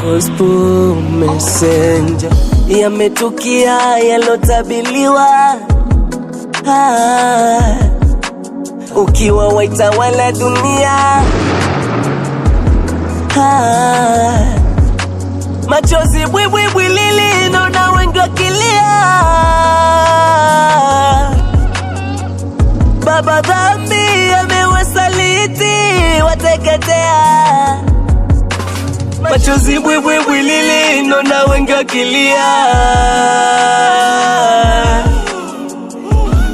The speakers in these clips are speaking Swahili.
Gospel messenger yametukia yalotabiliwa ah, Ukiwa waitawala dunia ah, Machozi bwibwibwi lili naona wengi wakilia Baba dhambi amewasaliti machozi bwibwibwi lilino na wengi wakilia,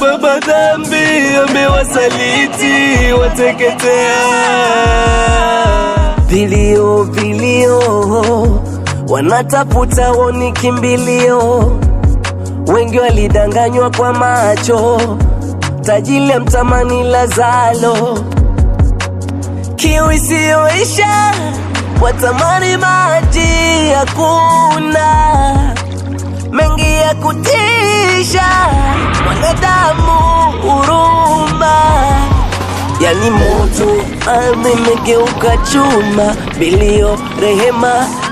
baba dhambi amewasaliti wateketea, vilio vilio, wanatafuta woni kimbilio, wengi walidanganywa kwa macho, tajili mtamani lazalo kiu isiyoisha watamani maji, ya kuna mengi ya kutisha, mwanadamu huruma yani mutu amemegeuka chuma bilio rehema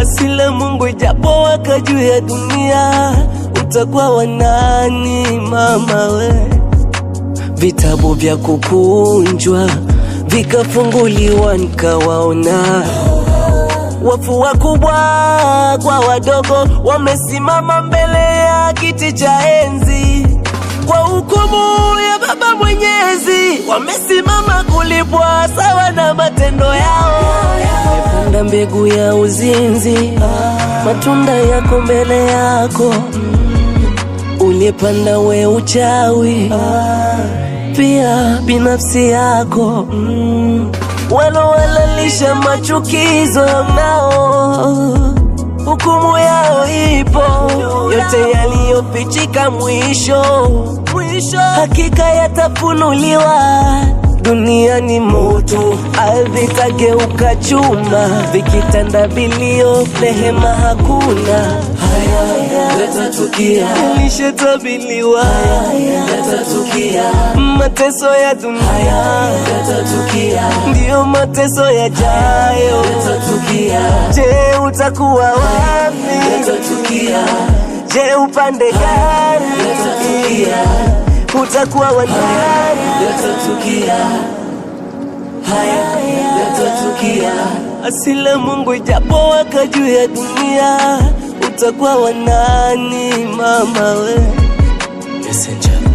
asila Mungu, ijapo waka juu ya dunia, utakuwa wanani mama we? Vitabu vya kukunjwa vikafunguliwa, nikawaona wafu wakubwa kwa wadogo, wamesimama mbele ya kiti cha enzi kwa hukumu ya Baba Mwenyezi wamesimama kulipwa sawa na matendo yao, wamepanda mbegu ya uzinzi, matunda yako mbele yako, uliyepanda we uchawi pia binafsi yako mm. machukizo nao hukumu yao ipo, yote yaliyopichika mwisho, mwisho hakika yatafunuliwa dunia ni moto, ardhi kageuka chuma, vikitanda vilio, rehema hakuna. Haya leta tukia, Haya, leta tukia, mateso ya dunia Haya, leta tukia, ndiyo mateso yajayo leta tukia. Je, utakuwa wapi? Leta tukia. Je, upande gani? Leta tukia utakuwa wa asila Mungu, ijapo waka juu ya dunia, utakuwa wanani mama we